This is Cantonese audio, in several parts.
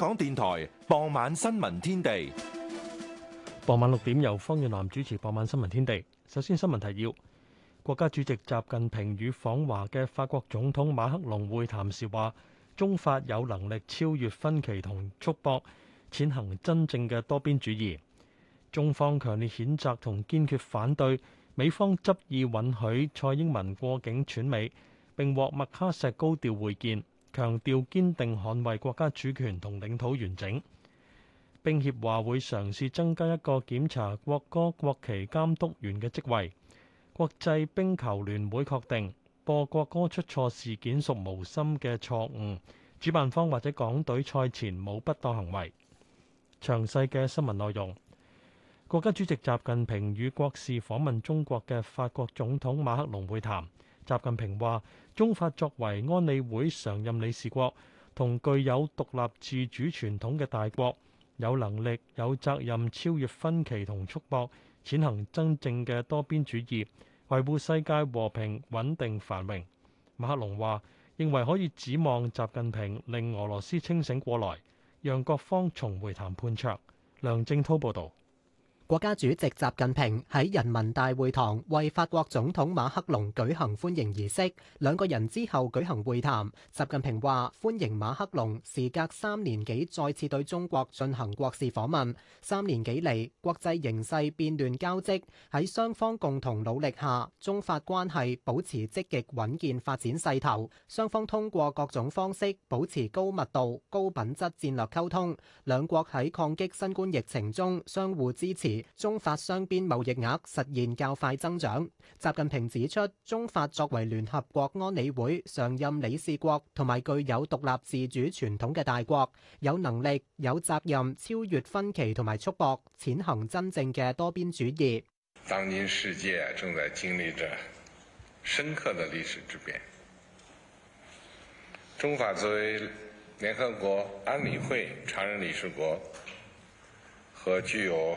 香港電台傍晚新聞天地，傍晚六點由方遠南主持。傍晚新聞天地，首先新聞提要：國家主席習近平與訪華嘅法國總統馬克龍會談時話，中法有能力超越分歧同束縛，踐行真正嘅多邊主義。中方強烈譴責同堅決反對美方執意允許蔡英文過境竄美，並獲麥卡錫高調會見。強調堅定捍衞國家主權同領土完整，冰協話會嘗試增加一個檢查國歌國旗監督員嘅職位。國際冰球聯會確定播國歌出錯事件屬無心嘅錯誤，主辦方或者港隊賽前冇不當行為。詳細嘅新聞內容，國家主席習近平與國事訪問中國嘅法國總統馬克龍會談。習近平話：中法作為安理會常任理事國同具有獨立自主傳統嘅大國，有能力有責任超越分歧同束縛，踐行真正嘅多邊主義，維護世界和平穩定繁榮。馬克龍話：認為可以指望習近平令俄羅斯清醒過來，讓各方重回談判桌。梁正濤報導。國家主席習近平喺人民大會堂為法國總統馬克龍舉行歡迎儀式，兩個人之後舉行會談。習近平話：歡迎馬克龍，時隔三年幾再次對中國進行國事訪問。三年幾嚟，國際形勢變亂交織，喺雙方共同努力下，中法關係保持積極穩健發展勢頭。雙方通過各種方式保持高密度、高品質戰略溝通，兩國喺抗擊新冠疫情中相互支持。中法雙邊貿易額實現較快增長。習近平指出，中法作為聯合國安理會常任理事國同埋具有獨立自主傳統嘅大國，有能力有責任超越分歧同埋束縛，踐行真正嘅多邊主義。當今世界正在經歷着深刻嘅歷史之變，中法作為聯合國安理會常任理事國和具有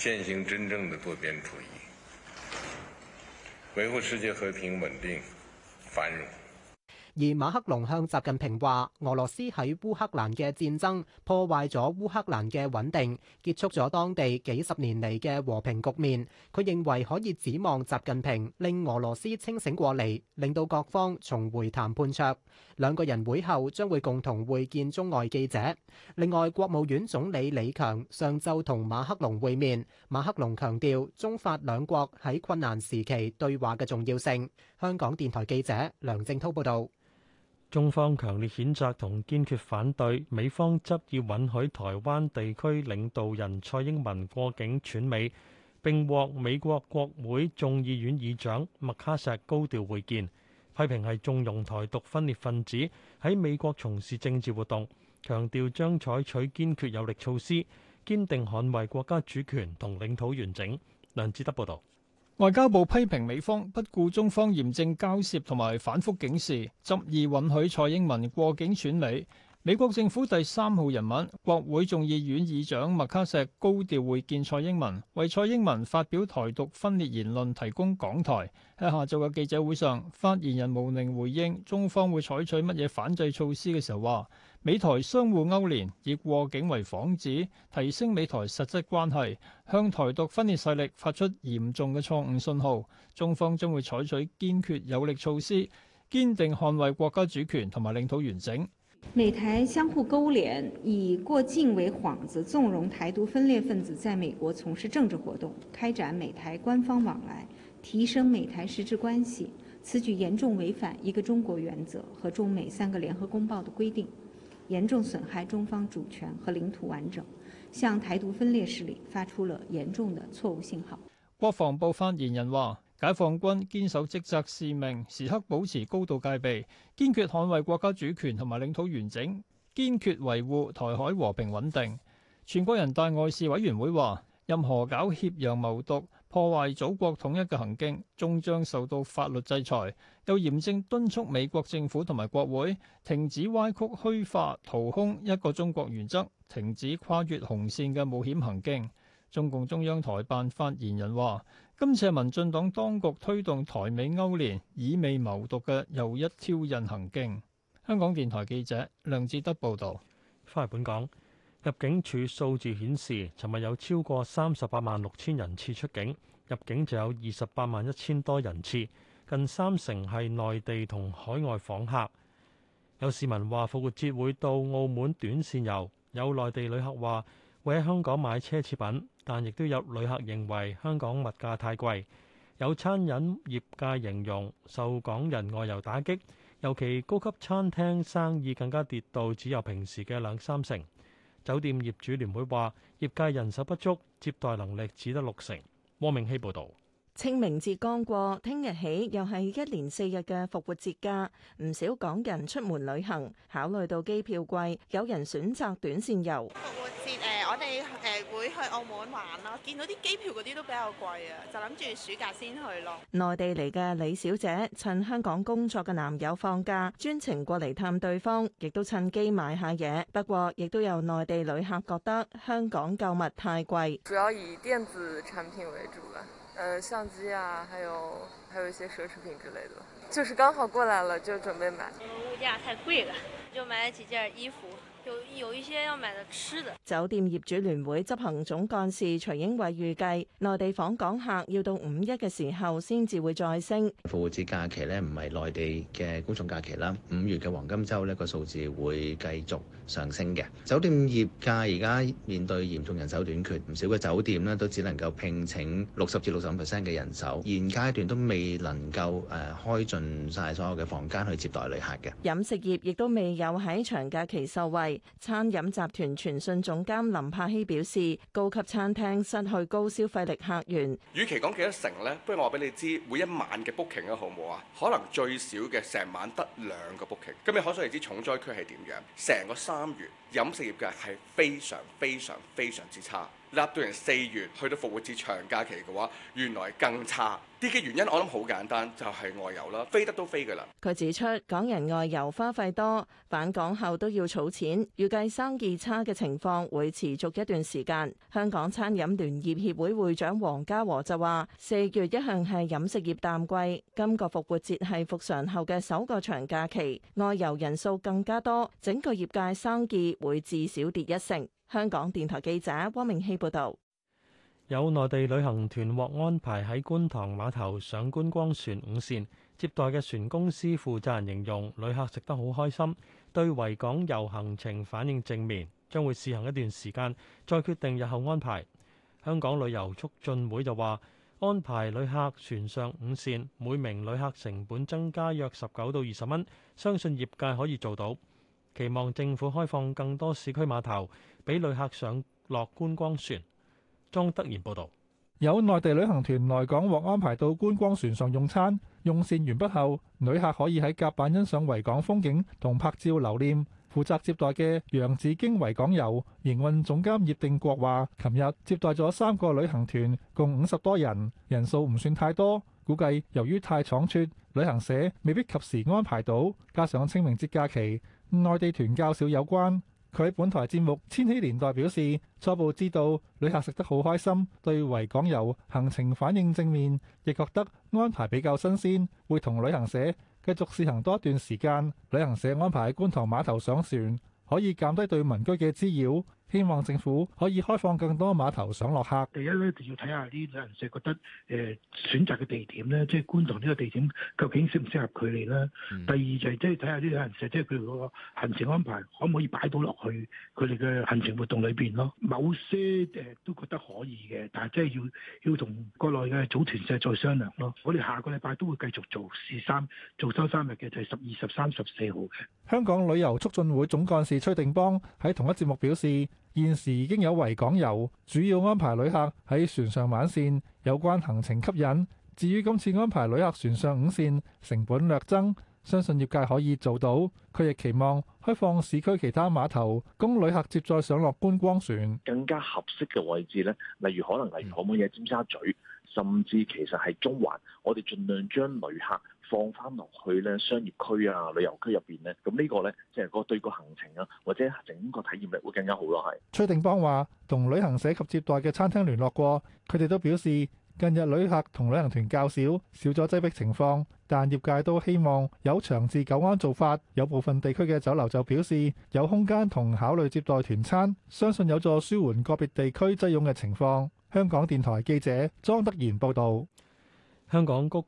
踐行真正的多邊主義，維護世界和平、穩定、繁榮。而馬克龍向習近平話：俄羅斯喺烏克蘭嘅戰爭破壞咗烏克蘭嘅穩定，結束咗當地幾十年嚟嘅和平局面。佢認為可以指望習近平令俄羅斯清醒過嚟，令到各方重回談判桌。兩個人會後將會共同會見中外記者。另外，國務院總理李強上晝同馬克龍會面，馬克龍強調中法兩國喺困難時期對話嘅重要性。香港電台記者梁正滔報導。中方強烈譴責同堅決反對美方執意允許台灣地區領導人蔡英文過境竄美，並獲美國國會眾議院議長麥卡錫高調會見，批評係縱容台獨分裂分子喺美國從事政治活動，強調將採取堅決有力措施，堅定捍衛國家主權同領土完整。梁志德報道。外交部批評美方不顧中方嚴正交涉同埋反覆警示，執意允許蔡英文過境竄美。美國政府第三號人物、國會眾議院議長麥卡錫高調會見蔡英文，為蔡英文發表台獨分裂言論提供講台。喺下晝嘅記者會上，發言人毛寧回應中方會採取乜嘢反制措施嘅時候話。美台相互勾連，以過境為幌子，提升美台實質關係，向台獨分裂勢力發出嚴重嘅錯誤信號。中方將會採取堅決有力措施，堅定捍衛國家主權同埋領土完整。美台相互勾連，以過境為幌子，縱容台獨分裂分子在美國從事政治活動，開展美台官方往來，提升美台實質關係。此舉嚴重違反一個中國原則和中美三個聯合公報的規定。嚴重損害中方主權和領土完整，向台獨分裂勢力發出了嚴重的錯誤信號。國防部發言人話，解放軍堅守職責使命，時刻保持高度戒備，堅決捍衛國家主權同埋領土完整，堅決維護台海和平穩定。全國人大外事委員會話，任何搞挾洋謀獨，破壞祖國統一嘅行徑，終將受到法律制裁。又嚴正敦促美國政府同埋國會停止歪曲虛化、掏空一個中國原則，停止跨越紅線嘅冒險行徑。中共中央台辦發言人話：今次係民進黨當局推動台美勾連、以美謀獨嘅又一挑釁行徑。香港電台記者梁志德報道。翻嚟本港。入境處數字顯示，尋日有超過三十八萬六千人次出境，入境就有二十八萬一千多人次，近三成係內地同海外訪客。有市民話：復活節會到澳門短線遊。有內地旅客話會喺香港買奢侈品，但亦都有旅客認為香港物價太貴。有餐飲業界形容受港人外遊打擊，尤其高級餐廳生意更加跌到只有平時嘅兩三成。酒店業主聯會話：業界人手不足，接待能力只得六成。汪明希報導。清明節剛過，聽日起又係一連四日嘅復活節假，唔少港人出門旅行。考慮到機票貴，有人選擇短線遊。復活節誒，我哋誒會去澳門玩咯。見到啲機票嗰啲都比較貴啊，就諗住暑假先去咯。內地嚟嘅李小姐趁香港工作嘅男友放假，專程過嚟探對方，亦都趁機買下嘢。不過，亦都有內地旅客覺得香港購物太貴。主要以電子產品為主啦。呃，相機啊，還有還有一些奢侈品之類的，就是剛好過來了，就準備買。物價太貴了，就買了幾件衣服。有有一些要買的吃的。酒店業主聯會執行總幹事徐英偉預計，內地訪港客要到五一嘅時候先至會再升。復活節假期咧唔係內地嘅公眾假期啦，五月嘅黃金周咧個數字會繼續上升嘅。酒店業界而家面對嚴重人手短缺，唔少嘅酒店咧都只能夠聘請六十至六十五 percent 嘅人手，現階段都未能夠誒開盡晒所有嘅房間去接待旅客嘅。飲食業亦都未有喺長假期受惠。餐飲集團傳訊總監林柏希表示：高級餐廳失去高消費力客源，與其講幾多成呢？不如我話俾你知，每一晚嘅 booking 啊，好唔好啊？可能最少嘅成晚得兩個 booking。咁你可想而知重災區係點樣？成個三月，飲食業界係非常非常非常之差。納到人四月去到復活節長假期嘅話，原來更差。啲嘅原因我諗好簡單，就係外遊啦，飛得都飛噶啦。佢指出，港人外遊花費多，返港後都要儲錢，預計生意差嘅情況會持續一段時間。香港餐飲聯業協會會長黃家和就話，四月一向係飲食業淡季，今個復活節係復常後嘅首個長假期，外遊人數更加多，整個業界生意會至少跌一成。香港電台記者汪明熙報道，有內地旅行團獲安排喺觀塘碼頭上觀光船午膳，接待嘅船公司負責人形容旅客食得好開心，對維港遊行程反應正面，將會試行一段時間，再決定日後安排。香港旅遊促進會就話，安排旅客船上午膳，每名旅客成本增加約十九到二十蚊，相信業界可以做到，期望政府開放更多市區碼頭。俾旅客上落觀光船。莊德賢報導，有內地旅行團來港，獲安排到觀光船上用餐。用膳完畢後，旅客可以喺甲板欣賞維港風景同拍照留念。負責接待嘅楊志經維港遊營運總監葉定國話：琴日接待咗三個旅行團，共五十多人，人數唔算太多。估計由於太倉促，旅行社未必及時安排到，加上清明節假期，內地團較少有關。佢喺本台節目《千禧年代》表示，初步知道旅客食得好開心，對維港遊行程反應正面，亦覺得安排比較新鮮，會同旅行社繼續試行多一段時間。旅行社安排喺觀塘碼頭上船，可以減低對民居嘅滋擾。希望政府可以開放更多碼頭上落客。第一咧就要睇下啲旅行社覺得誒選擇嘅地點咧，即係觀塘呢個地點究竟適唔適合佢哋咧？嗯、第二就係即係睇下啲旅行社即係佢個行程安排可唔可以擺到落去佢哋嘅行程活動裏邊咯。某些誒都覺得可以嘅，但係即係要要同國內嘅組團社再商量咯。我哋下個禮拜都會繼續做試三做收三日嘅，就係十二、十三、十四號嘅。香港旅遊促進會總幹事崔定邦喺同一節目表示。現時已經有維港遊，主要安排旅客喺船上晚膳，有關行程吸引。至於今次安排旅客船上午膳，成本略增，相信業界可以做到。佢亦期望開放市區其他碼頭，供旅客接載上落觀光船，更加合適嘅位置咧，例如可能嚟港本嘅尖沙咀，甚至其實係中環，我哋盡量將旅客放翻落去咧商業區啊、旅遊區入邊呢，咁呢個呢，即係嗰對個行程啊，或者整個體驗力會更加好咯，係。崔定邦話：同旅行社及接待嘅餐廳聯絡過，佢哋都表示近日旅客同旅行團較少，少咗擠迫情況，但業界都希望有長治久安做法。有部分地區嘅酒樓就表示有空間同考慮接待團餐，相信有助舒緩個別地區擠擁嘅情況。香港電台記者莊德賢報道。香港谷。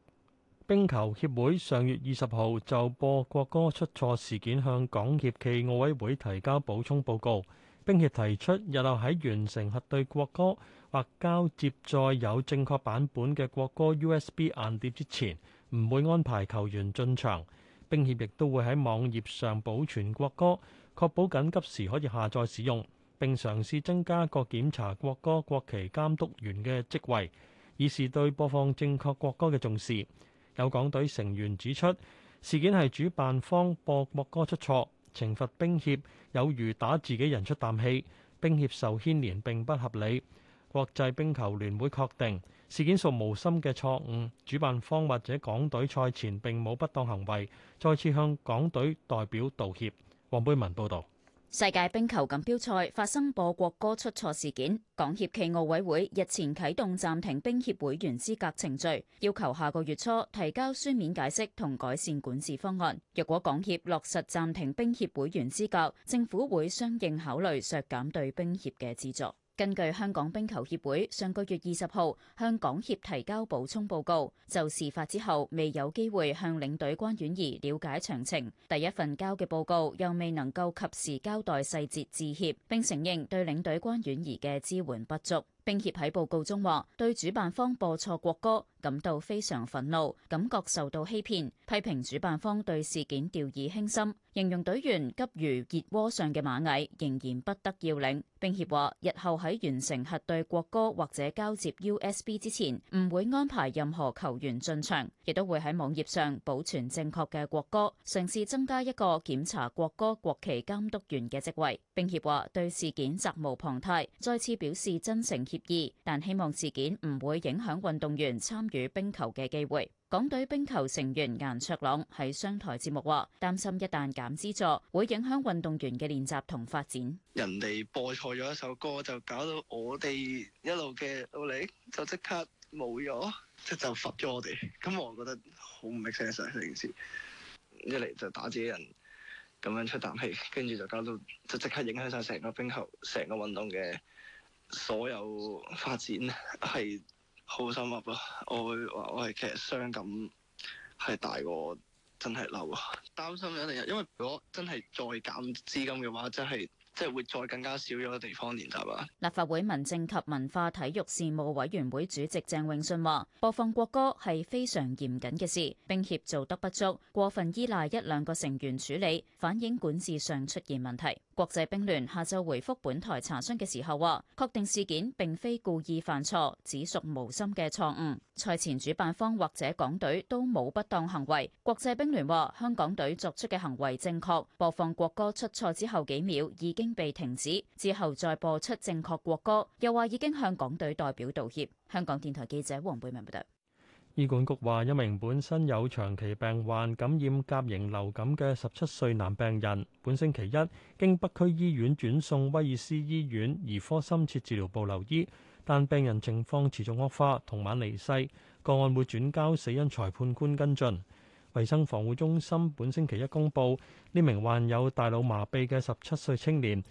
冰球協會上月二十號就播國歌出錯事件，向港協暨奧委會提交補充報告。冰協提出日後喺完成核對國歌或交接載有正確版本嘅國歌 USB 硬碟之前，唔會安排球員進場。冰協亦都會喺網頁上保存國歌，確保緊急時可以下載使用，並嘗試增加各檢查國歌國旗監督員嘅職位，以示對播放正確國歌嘅重視。有港隊成員指出，事件係主辦方播國歌出錯，懲罰冰協有如打自己人出啖氣，冰協受牽連並不合理。國際冰球聯會確定事件屬無心嘅錯誤，主辦方或者港隊賽前並冇不當行為，再次向港隊代表道歉。黃貝文報導。世界冰球錦標賽發生播國歌出錯事件，港協暨奧委會日前啟動暫停冰協會員資格程序，要求下個月初提交書面解釋同改善管治方案。若果港協落實暫停冰協會員資格，政府會相應考慮削減對冰協嘅資助。根據香港冰球協會上個月二十號向港協提交補充報告，就事發之後未有機會向領隊關婉儀了解詳情，第一份交嘅報告又未能夠及時交代細節致歉，並承認對領隊關婉儀嘅支援不足。冰協喺報告中話對主辦方播錯國歌感到非常憤怒，感覺受到欺騙，批評主辦方對事件掉以輕心，形容隊員急如熱鍋上嘅螞蟻，仍然不得要領。冰協話日後喺完成核對國歌或者交接 USB 之前，唔會安排任何球員進場，亦都會喺網頁上保存正確嘅國歌，嘗試增加一個檢查國歌國旗監督員嘅職位。冰協話對事件責無旁貸，再次表示真誠。協議，但希望事件唔會影響運動員參與冰球嘅機會。港隊冰球成員顏卓朗喺商台節目話，擔心一旦減資助，會影響運動員嘅練習同發展。人哋播錯咗一首歌，就搞到我哋一路嘅努力，就即刻冇咗，即就罰咗我哋。咁我覺得好唔 make sense 呢件事。一嚟就打自己人，咁樣出啖氣，跟住就搞到，就即刻影響晒成個冰球，成個運動嘅。所有發展係好深入啊。我話我係其實傷感係大過真係嬲啊。擔心一定因為如果真係再減資金嘅話，真係。即係會再更加少咗地方練習啊！立法會民政及文化體育事務委員會主席鄭永信話：播放國歌係非常嚴謹嘅事，冰協做得不足，過分依賴一兩個成員處理，反映管治上出現問題。國際冰聯下晝回覆本台查詢嘅時候話：確定事件並非故意犯錯，只屬無心嘅錯誤。賽前主辦方或者港隊都冇不當行為。國際冰聯話：香港隊作出嘅行為正確，播放國歌出錯之後幾秒已經。已被停止，之後再播出正確國歌。又話已經向港隊代表道歉。香港電台記者黃貝文報道。醫管局話，一名本身有長期病患感染甲型流感嘅十七歲男病人，本星期一經北區醫院轉送威爾斯醫院兒科深切治療部留醫，但病人情況持續惡化，同晚離世。個案會轉交死因裁判官跟進。衞生防護中心本星期一公佈，呢名患有大腦麻痹嘅十七歲青年，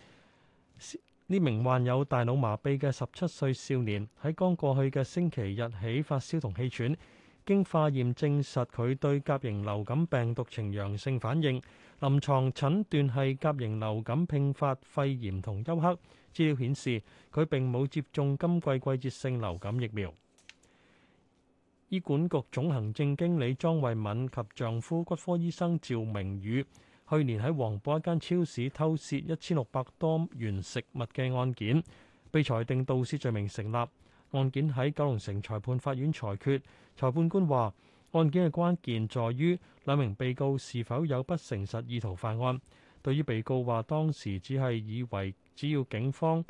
呢名患有大腦麻痹嘅十七歲少年喺剛過去嘅星期日起發燒同氣喘，經化驗證實佢對甲型流感病毒呈陽性反應，臨床診斷係甲型流感併發肺炎同休克。資料顯示佢並冇接種今季季節性流感疫苗。醫管局總行政經理莊慧敏及丈夫骨科醫生趙明宇，去年喺黃埔一間超市偷竊一千六百多元食物嘅案件，被裁定盜竊罪名成立。案件喺九龍城裁判法院裁決，裁判官話：案件嘅關鍵在於兩名被告是否有不誠實意圖犯案。對於被告話當時只係以為只要警方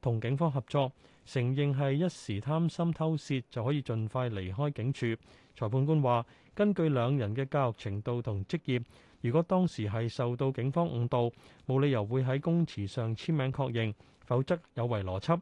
同警方合作，承認係一時貪心偷竊就可以盡快離開警署。裁判官話：根據兩人嘅教育程度同職業，如果當時係受到警方誤導，冇理由會喺供詞上簽名確認，否則有違邏輯。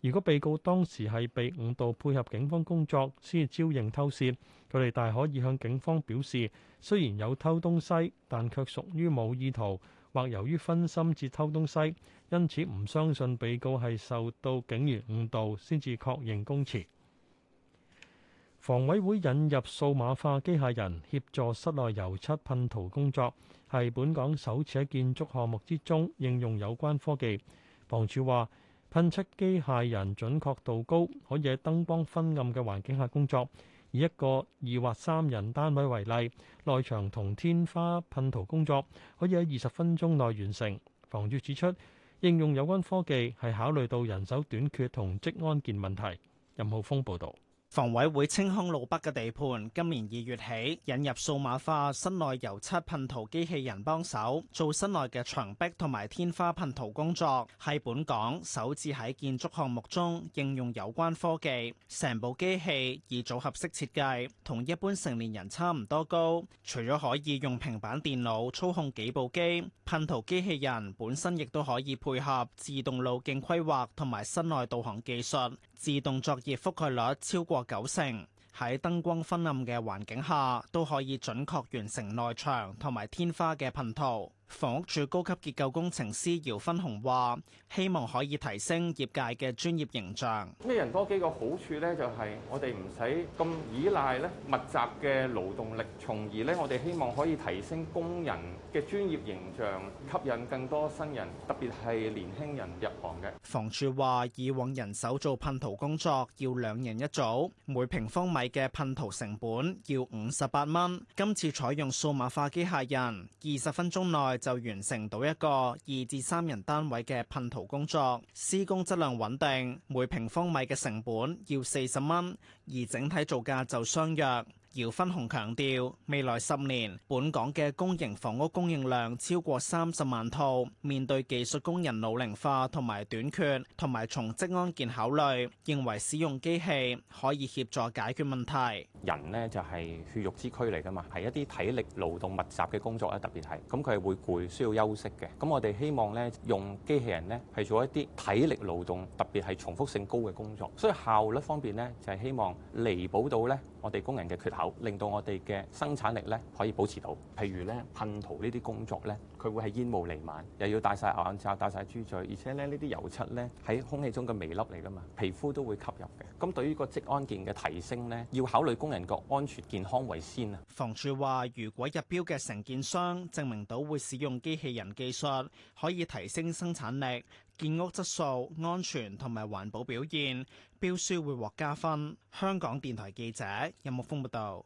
如果被告當時係被誤導配合警方工作先招認偷竊，佢哋大可以向警方表示，雖然有偷東西，但卻屬於冇意圖。或由於分心至偷東西，因此唔相信被告係受到警員誤導，先至確認供詞。房委會引入數碼化機械人協助室內油漆噴塗工作，係本港首次喺建築項目之中應用有關科技。房署話，噴漆機械人準確度高，可以喺燈光昏暗嘅環境下工作。以一個二或三人單位為例，內牆同天花噴塗工作可以喺二十分鐘內完成。房主指出，應用有關科技係考慮到人手短缺同職安健問題。任浩峰報導。房委會清空路北嘅地盤，今年二月起引入數碼化室內油漆噴塗機器人幫手，做室內嘅牆壁同埋天花噴塗工作，係本港首次喺建築項目中應用有關科技。成部機器以組合式設計，同一般成年人差唔多高。除咗可以用平板電腦操控幾部機，噴塗機器人本身亦都可以配合自動路徑規劃同埋室內導航技術。自動作業覆蓋率超過九成，喺燈光昏暗嘅環境下都可以準確完成內牆同埋天花嘅噴塗。房屋署高級結構工程師姚芬雄話：希望可以提升業界嘅專業形象。咩人多幾個好處咧？就係我哋唔使咁依賴咧密集嘅勞動力，從而咧我哋希望可以提升工人嘅專業形象，吸引更多新人，特別係年輕人入行嘅。房署話以往人手做噴塗工作要兩人一組，每平方米嘅噴塗成本要五十八蚊。今次採用數碼化機械人，二十分鐘內。就完成到一個二至三人單位嘅噴塗工作，施工質量穩定，每平方米嘅成本要四十蚊，而整體造價就相約。姚分雄強調，未來十年本港嘅公營房屋供應量超過三十萬套，面對技術工人老齡化同埋短缺，同埋從職安健考慮，認為使用機器可以協助解決問題。人呢就係血肉之軀嚟噶嘛，係一啲體力勞動密集嘅工作咧，特別係，咁佢係會攰，需要休息嘅。咁我哋希望咧用機器人咧，係做一啲體力勞動，特別係重複性高嘅工作，所以效率方面呢就係希望彌補到咧。我哋工人嘅缺口，令到我哋嘅生產力咧可以保持到。譬如咧噴塗呢啲工作咧，佢會係煙霧彌漫，又要戴晒眼罩、戴晒豬嘴，而且咧呢啲油漆咧喺空氣中嘅微粒嚟噶嘛，皮膚都會吸入嘅。咁對於個職安健嘅提升咧，要考慮工人個安全健康為先啊。房署話，如果入標嘅承建商證明到會使用機器人技術可以提升生產力，建屋質素、安全同埋環保表現標書會獲加分。香港電台記者任木峰報道。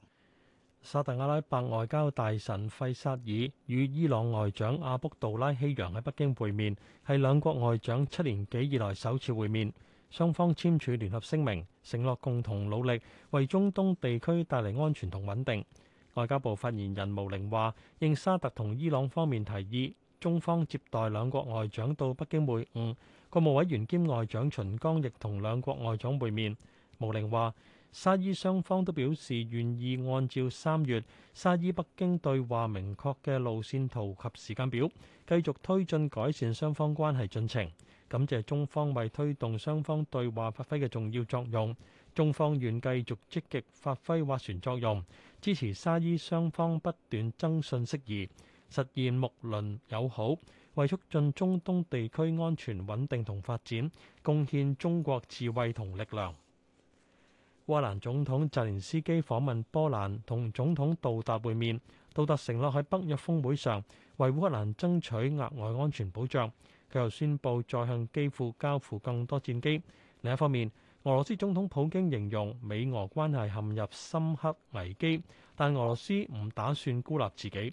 沙特阿拉伯外交大臣費薩爾與伊朗外長阿卜杜拉希揚喺北京會面，係兩國外長七年幾以來首次會面，雙方簽署聯合聲明，承諾共同努力為中東地區帶嚟安全同穩定。外交部發言人毛寧話：應沙特同伊朗方面提議。中方接待兩國外長到北京會晤，國務委員兼外長秦剛亦同兩國外長會面。毛寧話：沙伊雙方都表示願意按照三月沙伊北京對話明確嘅路線圖及時間表，繼續推進改善雙方關係進程。感謝中方為推動雙方對話發揮嘅重要作用，中方願繼續積極發揮斡旋作用，支持沙伊雙方不斷增信釋疑。實現睦鄰友好，為促進中東地區安全穩定同發展，貢獻中國智慧同力量。烏克蘭總統澤連斯基訪問波蘭，同總統杜達會面，杜達承諾喺北約峰會上為烏克蘭爭取額外安全保障。佢又宣布再向基輔交付更多戰機。另一方面，俄羅斯總統普京形容美俄關係陷入深刻危機，但俄羅斯唔打算孤立自己。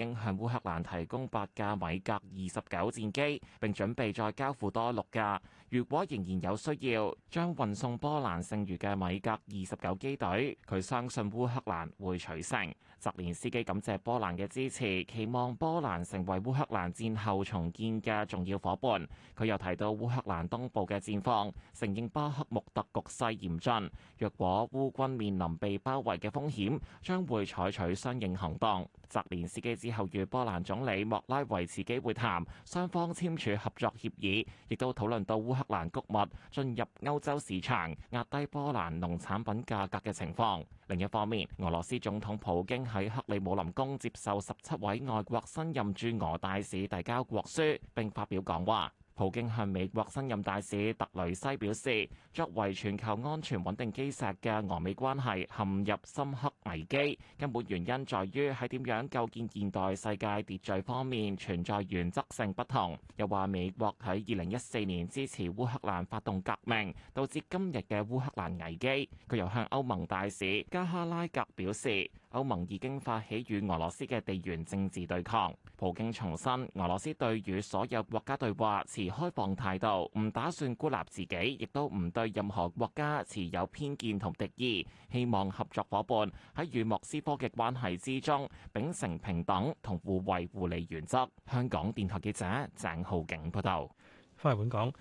應向烏克蘭提供八架米格二十九戰機，並準備再交付多六架。如果仍然有需要，將運送波蘭剩餘嘅米格二十九機隊。佢相信烏克蘭會取勝。澤連斯基感謝波蘭嘅支持，期望波蘭成為烏克蘭戰後重建嘅重要夥伴。佢又提到烏克蘭東部嘅戰況，承認巴克穆特局勢嚴峻。若果烏軍面臨被包圍嘅風險，將會採取相應行動。澤連斯基之後與波蘭總理莫拉維茨基會談，雙方簽署合作協議，亦都討論到烏克蘭穀物進入歐洲市場壓低波蘭農產品價格嘅情況。另一方面，俄羅斯總統普京。喺克里姆林宮接受十七位外國新任駐俄大使遞交國書並發表講話，普京向美國新任大使特雷西表示，作為全球安全穩定基石嘅俄美關係陷入深刻危機，根本原因在於喺點樣構建現代世界秩序方面存在原則性不同。又話美國喺二零一四年支持烏克蘭發動革命，導致今日嘅烏克蘭危機，佢又向歐盟大使加哈拉格表示，歐盟已經發起與俄羅斯嘅地緣政治對抗。普京重申，俄羅斯對與所有國家對話持開放態度，唔打算孤立自己，亦都唔對任何國家持有偏見同敵意。希望合作伙伴喺與莫斯科嘅關係之中，秉承平等同互惠互利原則。香港電台記者鄭浩景報道。翻嚟本港。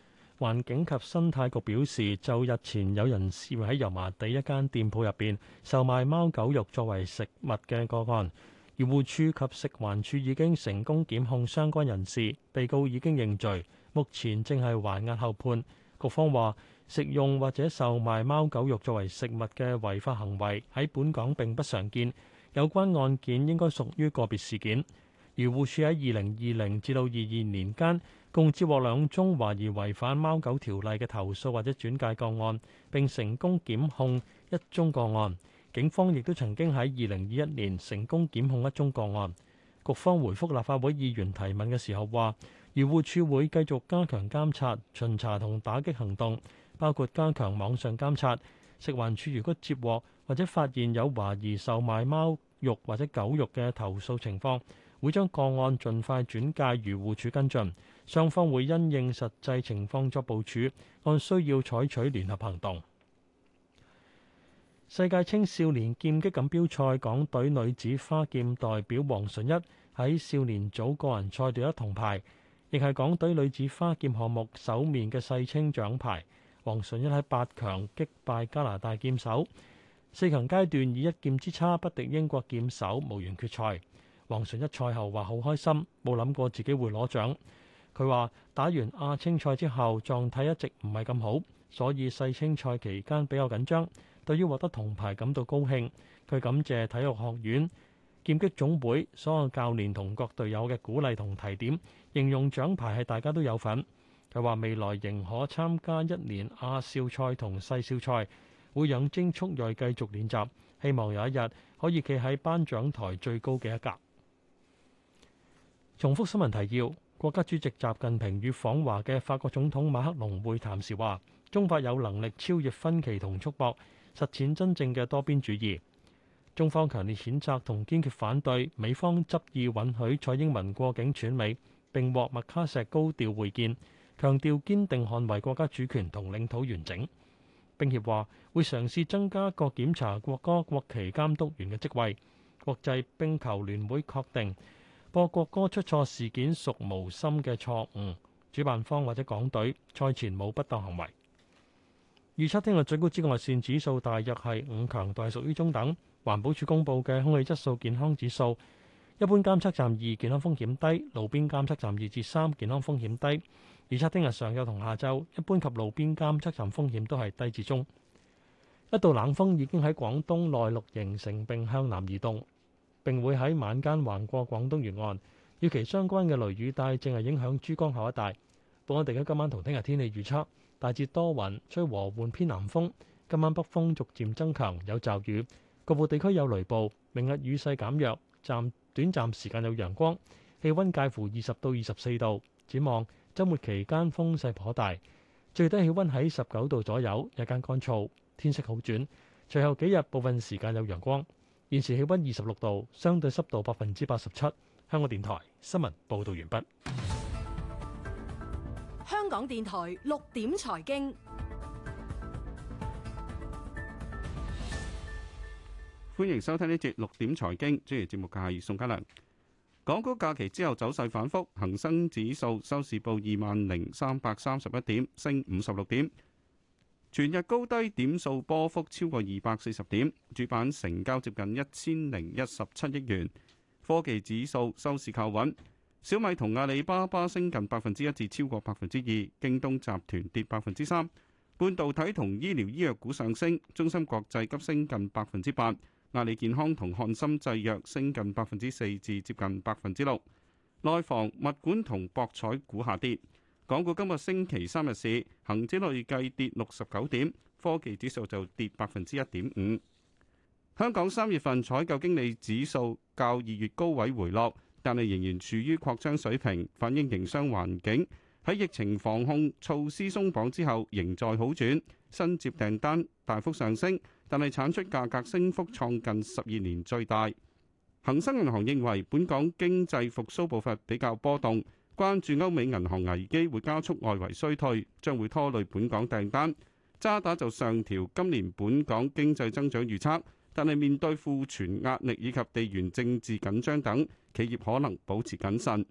環境及生態局表示，就日前有人涉嫌喺油麻地一間店鋪入邊售賣貓狗肉作為食物嘅個案，漁護署及食環署已經成功檢控相關人士，被告已經認罪，目前正係還押候判。局方話，食用或者售賣貓狗肉作為食物嘅違法行為喺本港並不常見，有關案件應該屬於個別事件。漁護署喺二零二零至到二二年間，共接獲兩宗懷疑違反《貓狗條例》嘅投訴或者轉介個案，並成功檢控一宗個案。警方亦都曾經喺二零二一年成功檢控一宗個案。局方回覆立法會議員提問嘅時候話，漁護署會繼續加強監察、巡查同打擊行動，包括加強網上監察。食環署如果接獲或者發現有懷疑售賣貓肉或者狗肉嘅投訴情況，會將個案盡快轉介漁護署跟進，雙方會因應實際情況作部署，按需要採取聯合行動。世界青少年劍擊錦標賽，港隊女子花劍代表黃順一喺少年組個人賽奪得銅牌，亦係港隊女子花劍項目首面嘅世青獎牌。黃順一喺八強擊敗加拿大劍手，四強階，階段以一劍之差不敵英國劍手，無緣決賽。王純一賽後話好開心，冇諗過自己會攞獎。佢話打完亞青賽之後，狀態一直唔係咁好，所以世青賽期間比較緊張。對於獲得銅牌感到高興，佢感謝體育學院、劍擊總會所有教練同各隊友嘅鼓勵同提點，形容獎牌係大家都有份。佢話未來仍可參加一年亞少賽同世少賽，會養精蓄銳繼續練習，希望有一日可以企喺頒獎台最高嘅一格。重複新聞提要：國家主席習近平與訪華嘅法國總統馬克龍會談時話，中法有能力超越分歧同束縛，實踐真正嘅多邊主義。中方強烈譴責同堅決反對美方執意允許蔡英文過境竄美，並獲麥卡錫高調會見，強調堅定捍衛國家主權同領土完整。冰協話會嘗試增加各檢查國歌國旗監督員嘅職位。國際冰球聯會確定。播國歌出錯事件屬無心嘅錯誤，主辦方或者港隊賽前冇不當行為。預測聽日最高紫外線指數大約係五，強度屬於中等。環保署公布嘅空氣質素健康指數，一般監測站二健康風險低，路邊監測站二至三，健康風險低。預測聽日上晝同下晝一般及路邊監測站風險都係低至中。一道冷鋒已經喺廣東內陸形成並向南移動，並會喺晚間橫過廣東沿岸，與其相關嘅雷雨帶正係影響珠江口一帶。本地嘅今晚同聽日天氣預測，大致多雲，吹和緩偏南風。今晚北風逐漸增強，有驟雨，局部地區有雷暴。明日雨勢減弱，暫短暫時間有陽光，氣温介乎二十到二十四度。展望週末期間風勢頗大，最低氣温喺十九度左右，日間乾燥，天色好轉。隨後幾日部分時間有陽光。現時氣温二十六度，相對濕度百分之八十七。香港電台新聞報道完畢。香港電台六點財經，歡迎收聽呢節六點財經。主持節目嘅係宋嘉良。港股假期之後走勢反覆，恒生指數收市報二萬零三百三十一點，升五十六點。全日高低點數波幅超過二百四十點，主板成交接近一千零一十七億元。科技指數收市靠穩，小米同阿里巴巴升近百分之一至超過百分之二，京東集團跌百分之三。半導體同醫療醫藥股上升，中芯國際急升近百分之八，阿里健康同漢森製藥升近百分之四至接近百分之六。內房物管同博彩股下跌。港股今日星期三日市，恒指累計跌六十九點，科技指數就跌百分之一點五。香港三月份採購經理指數較二月高位回落，但係仍然處於擴張水平，反映營商環境喺疫情防控措施鬆綁之後仍在好轉，新接訂單大幅上升，但係產出價格升幅創近十二年最大。恒生銀行認為，本港經濟復甦步伐比較波動。關注歐美銀行危機會加速外圍衰退，將會拖累本港訂單。渣打就上調今年本港經濟增長預測，但係面對庫存壓力以及地緣政治緊張等，企業可能保持謹慎。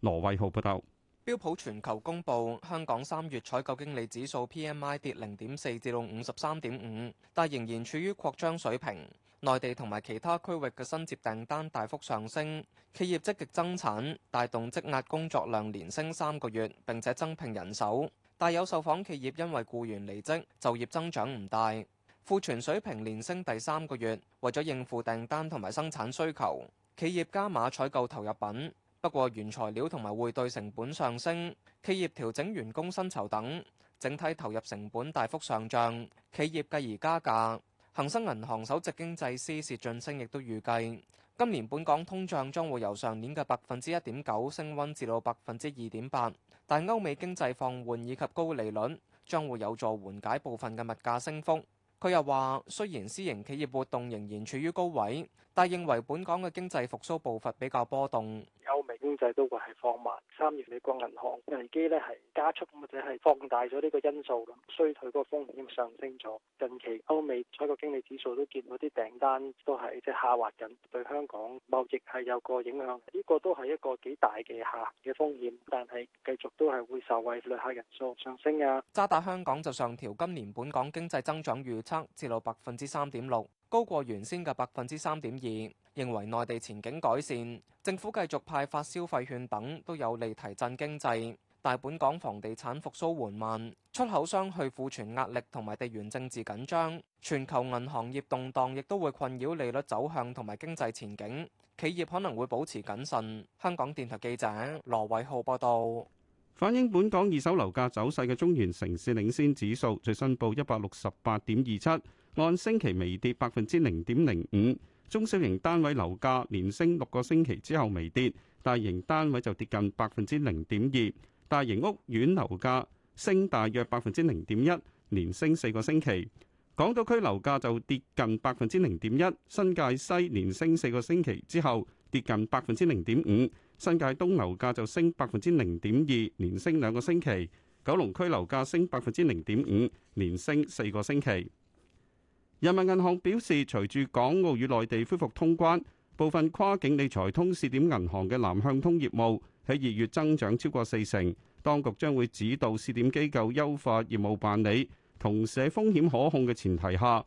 羅偉浩報道，標普全球公布香港三月採購經理指數 PMI 跌零點四至到五十三點五，但仍然處於擴張水平。內地同埋其他區域嘅新接訂單大幅上升，企業積極增產，帶動積壓工作量連升三個月，並且增聘人手。但有受訪企業因為僱員離職，就業增長唔大。庫存水平連升第三個月，為咗應付訂單同埋生產需求，企業加碼採購投入品。不過原材料同埋匯兌成本上升，企業調整員工薪酬等，整體投入成本大幅上漲，企業繼而加價。恒生銀行首席經濟師薛俊升亦都預計，今年本港通脹將會由上年嘅百分之一點九升溫至到百分之二點八，但歐美經濟放緩以及高利率將會有助緩解部分嘅物價升幅。佢又話，雖然私營企業活動仍然處於高位，但認為本港嘅經濟復甦步伐比較波動。經濟都會係放慢，三月美國銀行危機咧係加速或者係放大咗呢個因素，咁衰退嗰個風險上升咗。近期歐美採購經理指數都見到啲訂單都係即係下滑緊，對香港貿易係有個影響。呢個都係一個幾大嘅下行嘅風險，但係繼續都係會受惠旅客人數上升啊。渣打香港就上調今年本港經濟增長預測至到百分之三點六，高過原先嘅百分之三點二。認為內地前景改善，政府繼續派發消費券等都有利提振經濟。但本港房地產復蘇緩慢，出口商去庫存壓力同埋地緣政治緊張，全球銀行業動盪亦都會困擾利率走向同埋經濟前景，企業可能會保持謹慎。香港電台記者羅偉浩報道。反映本港二手樓價走勢嘅中原城市領先指數最新報一百六十八點二七，按星期微跌百分之零點零五。中小型單位樓價連升六個星期之後微跌，大型單位就跌近百分之零點二。大型屋苑樓價升大約百分之零點一，連升四個星期。港島區樓價就跌近百分之零點一，新界西連升四個星期之後跌近百分之零點五。新界東樓價就升百分之零點二，連升兩個星期。九龍區樓價升百分之零點五，連升四個星期。人民銀行表示，隨住港澳與內地恢復通關，部分跨境理財通試點銀行嘅南向通業務喺二月增長超過四成。當局將會指導試點機構優化業務辦理，同時喺風險可控嘅前提下，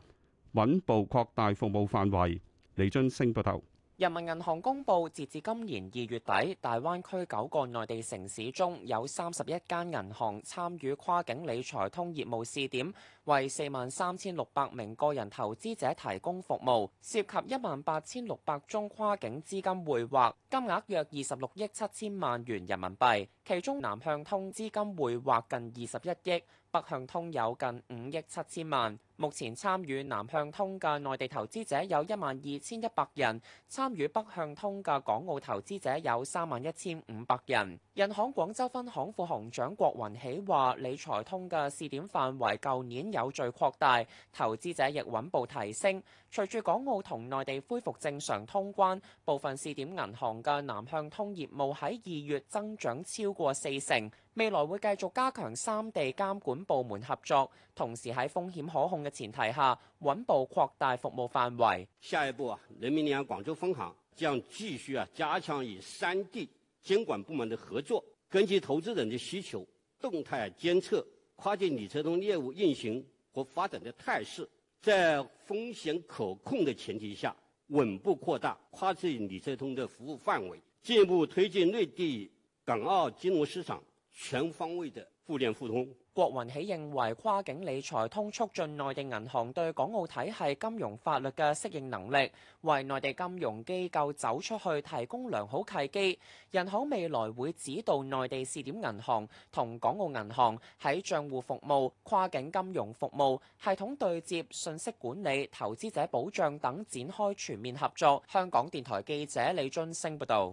穩步擴大服務範圍。李津升報道。人民銀行公佈，截至今年二月底，大灣區九個內地城市中有三十一間銀行參與跨境理財通業務試點，為四萬三千六百名個人投資者提供服務，涉及一萬八千六百宗跨境資金匯劃，金額約二十六億七千萬元人民幣，其中南向通資金匯劃近二十一億。北向通有近五億七千萬。目前參與南向通嘅內地投資者有一萬二千一百人，參與北向通嘅港澳投資者有三萬一千五百人。人行廣州分行副行長郭雲喜話，理財通嘅試點範圍舊年有序擴大，投資者亦穩步提升。隨住港澳同內地恢復正常通關，部分試點銀行嘅南向通業務喺二月增長超過四成。未來會繼續加強三地監管部門合作，同時喺風險可控嘅前提下穩步擴大服務範圍。下一步啊，人民銀行廣州分行將繼續啊加強與三地監管部門的合作，根據投資人的需求，動態監測跨境理財通業務運行和發展的態勢，在風險可控的前提下穩步擴大跨境理財通的服務範圍，進一步推進內地港澳金融市場全方位的互聯互通。郭雲喜認為，跨境理財通促進內地銀行對港澳體系金融法律嘅適應能力，為內地金融機構走出去提供良好契機。人行未來會指導內地試點銀行同港澳銀行喺帳戶服務、跨境金融服務、系統對接、信息管理、投資者保障等展開全面合作。香港電台記者李津升報導。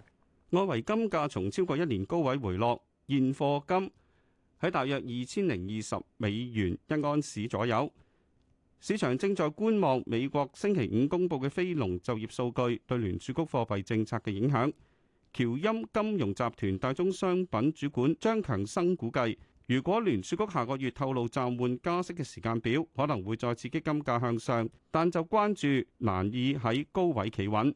外圍金價從超過一年高位回落。現貨金喺大約二千零二十美元一安士左右，市場正在觀望美國星期五公布嘅非農就業數據對聯儲局貨幣政策嘅影響。喬音金融集團大宗商品主管張強生估計，如果聯儲局下個月透露暫緩加息嘅時間表，可能會再刺激金價向上，但就關注難以喺高位企穩。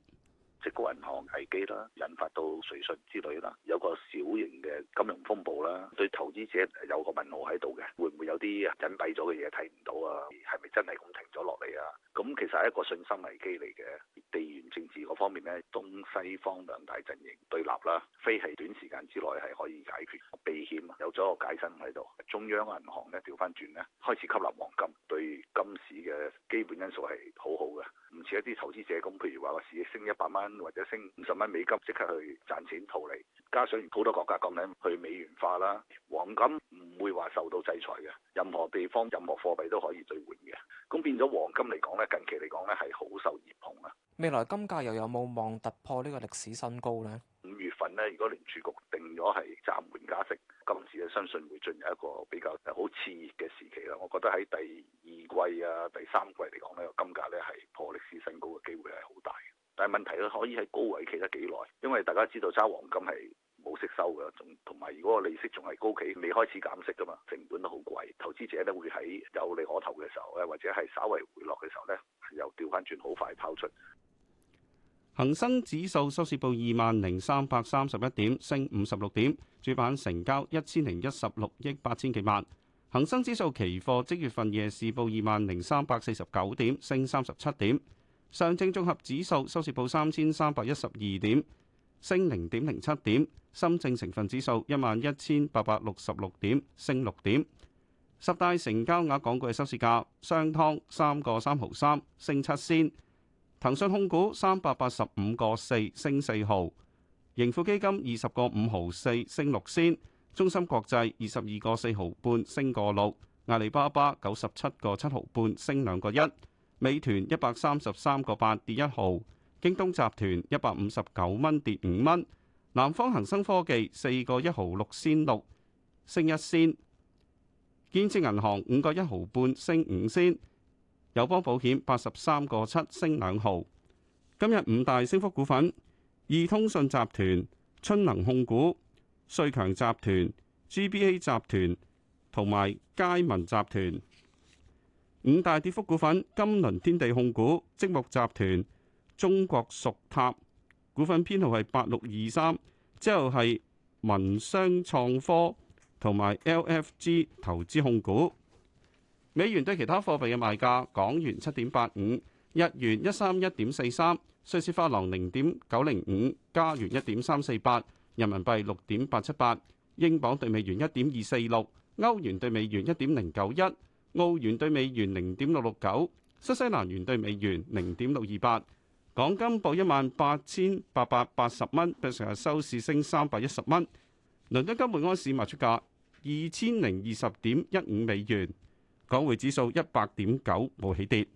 矽谷銀行危機啦，引發到瑞信之類啦，有個小型嘅金融風暴啦，對投資者有個問號喺度嘅，會唔會有啲隱蔽咗嘅嘢睇唔到啊？係咪真係咁停咗落嚟啊？咁其實係一個信心危機嚟嘅，地緣政治嗰方面呢，東西方兩大陣營對立啦，非係短時間之內係可以解決避險，有咗個解身喺度。中央銀行呢，掉返轉呢，開始吸納黃金，對金市嘅基本因素係好好嘅，唔似一啲投資者咁，譬如話個市升一百蚊。或者升五十蚊美金，即刻去賺錢套利。加上好多國家講緊去美元化啦，黃金唔會話受到制裁嘅，任何地方任何貨幣都可以兌換嘅。咁變咗黃金嚟講咧，近期嚟講咧係好受熱捧啊！未來金價又有冇望突破呢個歷史新高咧？五月份咧，如果聯儲局定咗係暫緩加息，今次咧相信會進入一個比較好熾熱嘅時期啦。我覺得喺第二季啊、第三季嚟講咧，金價咧係破歷史新高嘅機會，係好大。但係問題咧，可以喺高位企得幾耐？因為大家知道揸黃金係冇息收嘅，仲同埋如果個利息仲係高企，未開始減息㗎嘛，成本都好貴。投資者咧會喺有利可圖嘅時候咧，或者係稍微回落嘅時候呢又調翻轉好快拋出。恒生指數收市報二萬零三百三十一點，升五十六點，主板成交一千零一十六億八千幾萬。恒生指數期貨即月份夜市報二萬零三百四十九點，升三十七點。上證綜合指數收市報三千三百一十二點，升零點零七點。深證成分指數一萬一千八百六十六點，升六點。十大成交額港股嘅收市價：商湯三個三毫三，升七仙；騰訊控股三百八十五個四，升四毫；盈富基金二十個五毫四，升六仙；中芯國際二十二個四毫半，升個六；阿里巴巴九十七個七毫半，升兩個一。美團一百三十三個八跌一毫，京東集團一百五十九蚊跌五蚊，南方恒生科技四個一毫六仙六升一仙，建設銀行五個一毫半升五仙，友邦保險八十三個七升兩毫。今日五大升幅股份：，易通訊集團、春能控股、瑞強集團、GBA 集團同埋佳民集團。五大跌幅股份：金輪天地控股、積木集團、中國屬塔，股份編號係八六二三，之後係民商創科同埋 LFG 投資控股。美元對其他貨幣嘅賣價：港元七點八五，日元一三一點四三，瑞士法郎零點九零五，加元一點三四八，人民幣六點八七八，英鎊對美元一點二四六，歐元對美元一點零九一。澳元兌美元零點六六九，新西蘭元兌美元零點六二八，港金報一萬八千八百八十蚊，成日收市升三百一十蚊。倫敦金每安士賣出價二千零二十點一五美元，港匯指數一百點九冇起跌。